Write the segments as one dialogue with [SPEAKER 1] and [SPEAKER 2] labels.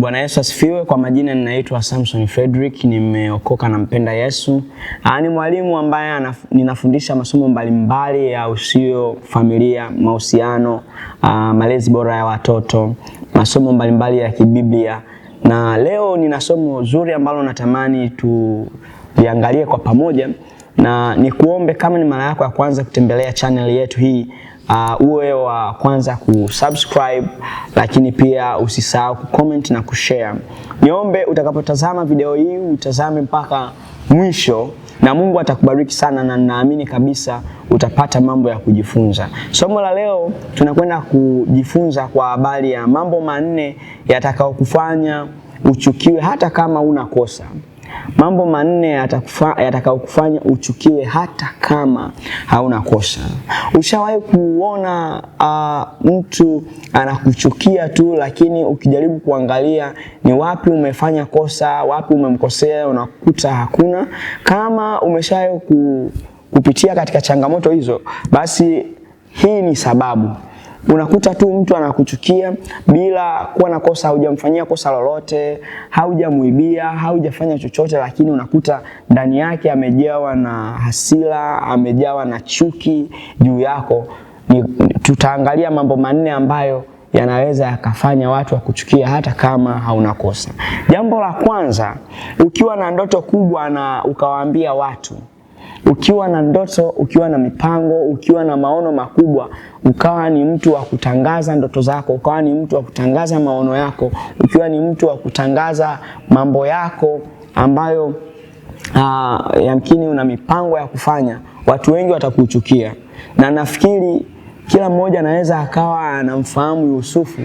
[SPEAKER 1] Bwana Yesu asifiwe. Kwa majina ninaitwa Samson Frederick, nimeokoka na mpenda Yesu. Ah, ni mwalimu ambaye ninafundisha masomo mbalimbali ya usio, familia, mahusiano, ah, malezi bora ya watoto, masomo mbalimbali ya kibiblia, na leo nina somo zuri ambalo natamani tuliangalie kwa pamoja, na nikuombe kama ni mara yako ya kwanza kutembelea channel yetu hii uh, uwe wa kwanza kusubscribe, lakini pia usisahau kucomment na kushare. Niombe utakapotazama video hii utazame mpaka mwisho na Mungu atakubariki sana, na ninaamini kabisa utapata mambo ya kujifunza. Somo la leo tunakwenda kujifunza kwa habari ya mambo manne yatakayokufanya uchukiwe hata kama una kosa. Mambo manne yatakayokufanya uchukiwe hata kama hauna kosa. Ushawahi kuona uh, mtu anakuchukia tu, lakini ukijaribu kuangalia ni wapi umefanya kosa, wapi umemkosea, unakuta hakuna. Kama umeshawahi kupitia katika changamoto hizo, basi hii ni sababu. Unakuta tu mtu anakuchukia bila kuwa na kosa, haujamfanyia kosa lolote, haujamuibia, haujafanya chochote, lakini unakuta ndani yake amejawa na hasira, amejawa na chuki juu yako. Ni, tutaangalia mambo manne ambayo yanaweza yakafanya watu wakuchukia hata kama hauna kosa. Jambo la kwanza, ukiwa na ndoto kubwa na ukawaambia watu ukiwa na ndoto, ukiwa na mipango, ukiwa na maono makubwa, ukawa ni mtu wa kutangaza ndoto zako, ukawa ni mtu wa kutangaza maono yako, ukiwa ni mtu wa kutangaza mambo yako ambayo uh, yamkini una mipango ya kufanya, watu wengi watakuchukia, na nafikiri kila mmoja anaweza akawa anamfahamu Yusufu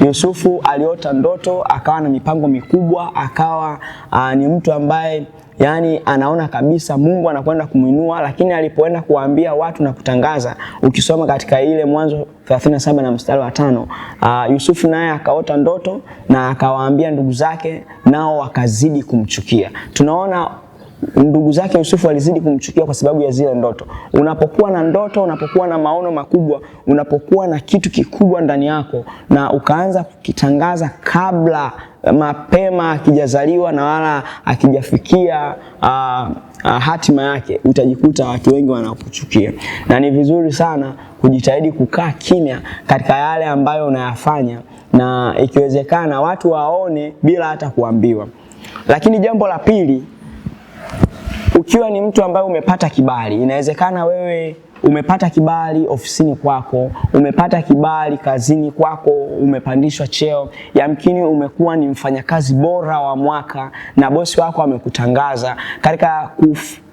[SPEAKER 1] Yusufu aliota ndoto, akawa na mipango mikubwa, akawa uh, ni mtu ambaye yaani anaona kabisa Mungu anakwenda kumwinua, lakini alipoenda kuwaambia watu na kutangaza, ukisoma katika ile Mwanzo 37 na mstari wa tano, uh, Yusufu naye akaota ndoto na akawaambia ndugu zake, nao wakazidi kumchukia. Tunaona ndugu zake Yusufu alizidi kumchukia kwa sababu ya zile ndoto. Unapokuwa na ndoto, unapokuwa na maono makubwa, unapokuwa na kitu kikubwa ndani yako na ukaanza kukitangaza kabla mapema akijazaliwa na wala akijafikia uh, ah, uh, ah, hatima yake, utajikuta watu wengi wanakuchukia, na ni vizuri sana kujitahidi kukaa kimya katika yale ambayo unayafanya, na ikiwezekana watu waone bila hata kuambiwa. Lakini jambo la pili ukiwa ni mtu ambaye umepata kibali, inawezekana wewe umepata kibali ofisini kwako, umepata kibali kazini kwako, umepandishwa cheo, yamkini umekuwa ni mfanyakazi bora wa mwaka na bosi wako amekutangaza. Katika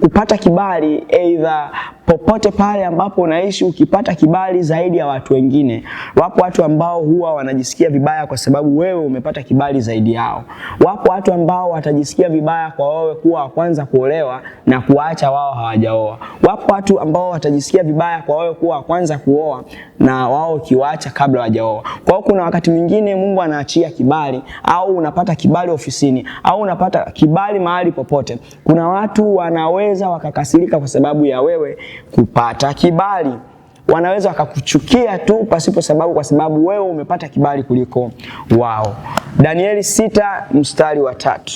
[SPEAKER 1] kupata kibali, aidha popote pale ambapo unaishi, ukipata kibali zaidi ya watu wengine. Wapo watu ambao huwa wanajisikia vibaya kwa sababu wewe umepata kibali zaidi yao. Wapo watu ambao watajisikia vibaya kwa wewe kuwa wa kwanza kuolewa na kuacha wao hawajaoa. Wapo watu ambao watajisikia vibaya kwa wewe kuwa wa kwanza kuoa na wao ukiwaacha kabla hawajaoa. Kwa hiyo kuna wakati mwingine Mungu anaachia kibali, au unapata kibali ofisini, au unapata kibali mahali popote. Kuna watu wanaweza wakakasirika kwa sababu ya wewe kupata kibali. Wanaweza wakakuchukia tu pasipo sababu, kwa sababu wewe umepata kibali kuliko wao. Danieli sita mstari wa tatu.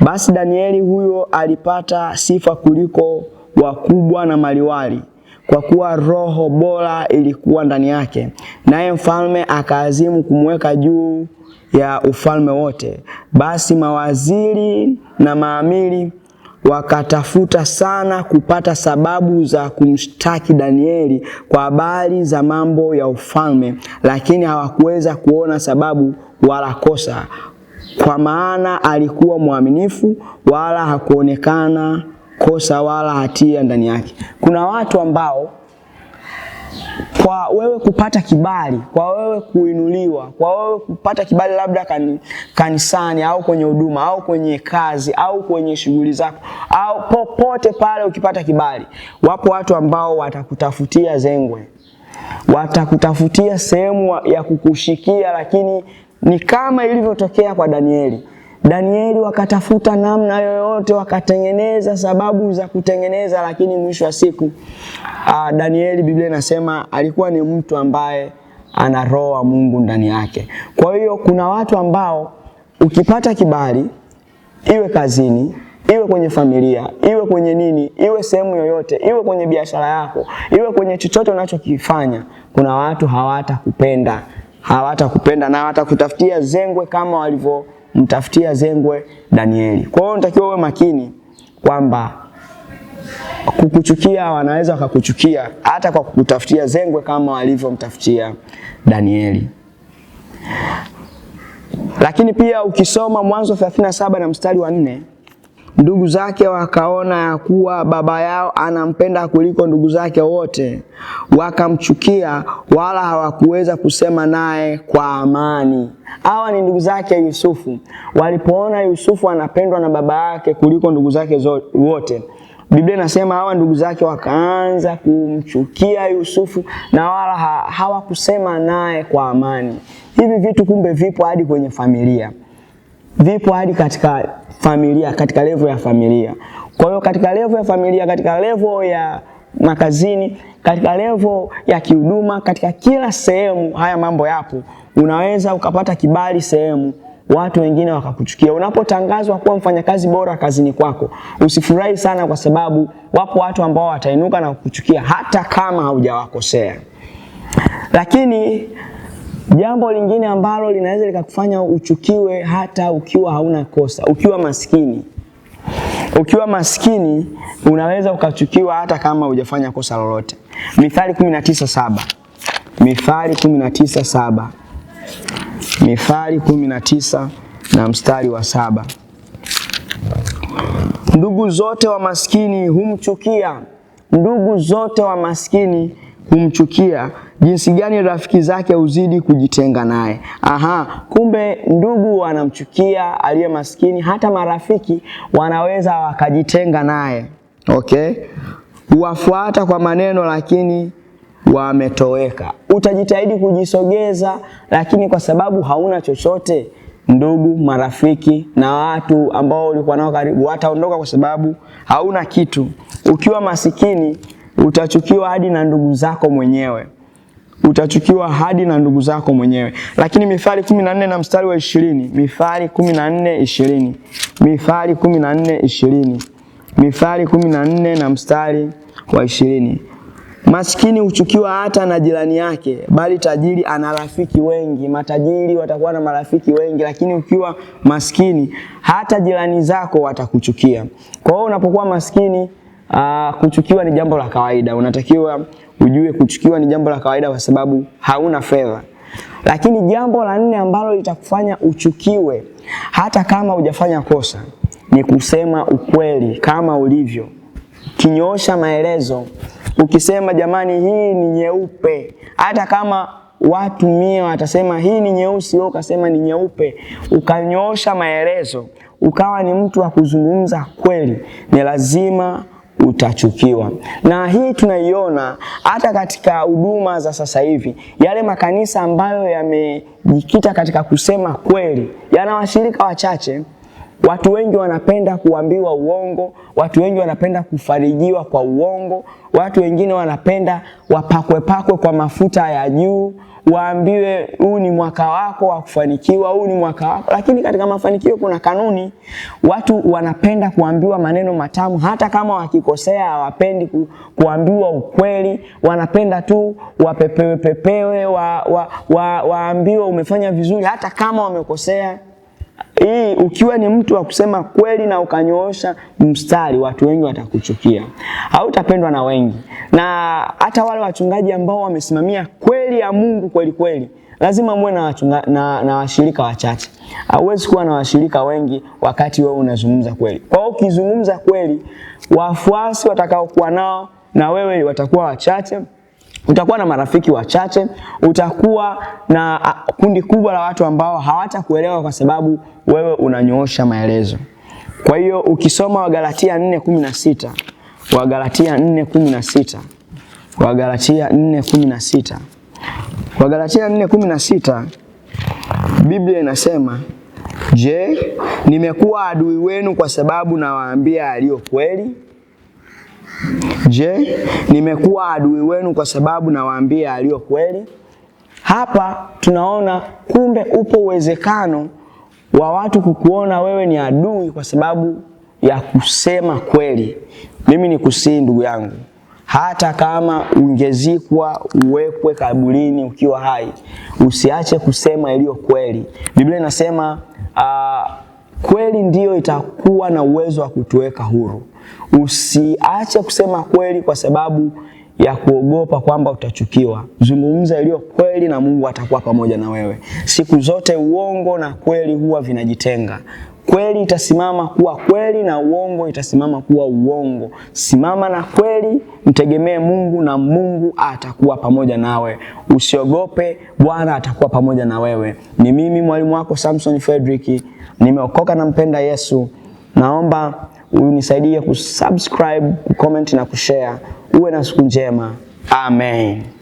[SPEAKER 1] Basi Danieli huyo alipata sifa kuliko wakubwa na maliwali, kwa kuwa roho bora ilikuwa ndani yake, naye mfalme akaazimu kumweka juu ya ufalme wote. Basi mawaziri na maamiri wakatafuta sana kupata sababu za kumshtaki Danieli kwa habari za mambo ya ufalme, lakini hawakuweza kuona sababu wala kosa, kwa maana alikuwa mwaminifu, wala hakuonekana kosa wala hatia ndani yake. Kuna watu ambao kwa wewe kupata kibali, kwa wewe kuinuliwa, kwa wewe kupata kibali labda kan, kanisani au kwenye huduma au kwenye kazi au kwenye shughuli zako au popote pale, ukipata kibali, wapo watu ambao watakutafutia zengwe, watakutafutia sehemu ya kukushikia, lakini ni kama ilivyotokea kwa Danieli. Danieli wakatafuta namna yoyote, wakatengeneza sababu za kutengeneza, lakini mwisho wa siku uh, Danieli Biblia inasema alikuwa ni mtu ambaye ana roho wa Mungu ndani yake. Kwa hiyo kuna watu ambao ukipata kibali, iwe kazini, iwe kwenye familia, iwe kwenye nini, iwe sehemu yoyote, iwe kwenye biashara yako, iwe kwenye chochote unachokifanya, kuna watu hawatakupenda, hawatakupenda na watakutafutia zengwe kama walivyo mtafutia zengwe Danieli. Kwa hiyo unatakiwa uwe makini kwamba kukuchukia wanaweza wakakuchukia hata kwa kukutafutia zengwe kama walivyomtafutia Danieli. Lakini pia ukisoma Mwanzo 37 na mstari wa nne Ndugu zake wakaona ya kuwa baba yao anampenda kuliko ndugu zake wote, wakamchukia wala hawakuweza kusema naye kwa amani. Hawa ni ndugu zake Yusufu. Walipoona Yusufu anapendwa na baba yake kuliko ndugu zake wote, Biblia inasema hawa ndugu zake wakaanza kumchukia Yusufu na wala hawakusema naye kwa amani. Hivi vitu kumbe vipo hadi kwenye familia vipo hadi katika familia, katika levo ya familia. Kwa hiyo katika levo ya familia, katika levo ya makazini, katika levo ya kihuduma, katika kila sehemu haya mambo yapo. Unaweza ukapata kibali sehemu watu wengine wakakuchukia. Unapotangazwa kuwa mfanyakazi bora kazini kwako, usifurahi sana, kwa sababu wapo watu ambao watainuka na kukuchukia hata kama haujawakosea, lakini Jambo lingine ambalo linaweza likakufanya uchukiwe hata ukiwa hauna kosa, ukiwa maskini. Ukiwa maskini unaweza ukachukiwa hata kama hujafanya kosa lolote. Mithali 19:7. Mithali 19:7. Mithali 19 na mstari wa saba. Ndugu zote wa maskini humchukia, ndugu zote wa maskini humchukia, Jinsi gani rafiki zake huzidi kujitenga naye. Aha, kumbe ndugu wanamchukia aliye maskini, hata marafiki wanaweza wakajitenga naye. Okay, wafuata kwa maneno lakini wametoweka. Utajitahidi kujisogeza, lakini kwa sababu hauna chochote, ndugu, marafiki na watu ambao ulikuwa nao karibu wataondoka kwa sababu hauna kitu. Ukiwa masikini utachukiwa hadi na ndugu zako mwenyewe utachukiwa hadi na ndugu zako mwenyewe. Lakini Mithali 14 na mstari wa 20, Mithali 14:20, Mithali ishirini Mithali 14 na mstari wa 20. Maskini huchukiwa hata na jirani yake, bali tajiri ana rafiki wengi. Matajiri watakuwa na marafiki wengi, lakini ukiwa maskini hata jirani zako watakuchukia. Kwa hiyo unapokuwa maskini Aa, ah, kuchukiwa ni jambo la kawaida, unatakiwa ujue kuchukiwa ni jambo la kawaida kwa sababu hauna fedha. Lakini jambo la nne ambalo litakufanya uchukiwe hata kama hujafanya kosa ni kusema ukweli kama ulivyo, kinyoosha maelezo. Ukisema jamani, hii ni nyeupe, hata kama watu mia watasema hii ni nyeusi, wewe ukasema ni nyeupe, ukanyoosha maelezo, ukawa ni mtu wa kuzungumza kweli, ni lazima utachukiwa. Na hii tunaiona hata katika huduma za sasa hivi, yale makanisa ambayo yamejikita katika kusema kweli yana washirika wachache. Watu wengi wanapenda kuambiwa uongo, watu wengi wanapenda kufarijiwa kwa uongo, watu wengine wanapenda wapakwepakwe kwa mafuta ya juu, waambiwe huu ni mwaka wako wa kufanikiwa, huu ni mwaka wako. Lakini katika mafanikio kuna kanuni. Watu wanapenda kuambiwa maneno matamu, hata kama wakikosea hawapendi ku, kuambiwa ukweli. Wanapenda tu wapepewe pepewe, wa, wa, wa, waambiwe umefanya vizuri hata kama wamekosea. Hii ukiwa ni mtu wa kusema kweli na ukanyoosha mstari, watu wengi watakuchukia, hautapendwa na wengi, na hata wale wachungaji ambao wamesimamia kweli ya Mungu kweli kweli lazima muwe na, na, na washirika wachache. Hauwezi kuwa na washirika wengi wakati wewe unazungumza kweli. Kwa hiyo ukizungumza kweli, wafuasi watakaokuwa nao na wewe watakuwa wachache utakuwa na marafiki wachache, utakuwa na kundi kubwa la watu ambao hawatakuelewa kwa sababu wewe unanyoosha maelezo. Kwa hiyo ukisoma Wagalatia 4:16, Wagalatia 4:16, Wagalatia 4:16, Wagalatia 4:16, Biblia inasema, je, nimekuwa adui wenu kwa sababu nawaambia yaliyo kweli? Je, nimekuwa adui wenu kwa sababu nawaambia aliyo kweli? Hapa tunaona kumbe upo uwezekano wa watu kukuona wewe ni adui kwa sababu ya kusema kweli. Mimi ni kusii ndugu yangu, hata kama ungezikwa uwekwe kaburini ukiwa hai, usiache kusema iliyo kweli. Biblia inasema uh, kweli ndiyo itakuwa na uwezo wa kutuweka huru. Usiache kusema kweli kwa sababu ya kuogopa kwamba utachukiwa. Zungumza iliyo kweli na Mungu atakuwa pamoja na wewe. Siku zote uongo na kweli huwa vinajitenga. Kweli itasimama kuwa kweli na uongo itasimama kuwa uongo. Simama na kweli, mtegemee Mungu na Mungu atakuwa pamoja nawe. Usiogope, Bwana atakuwa pamoja na wewe. Ni mimi mwalimu wako Samson Fredrick, nimeokoka na mpenda Yesu. Naomba unisaidie kusubscribe, kucomment na kushare. Uwe na siku njema. Amen.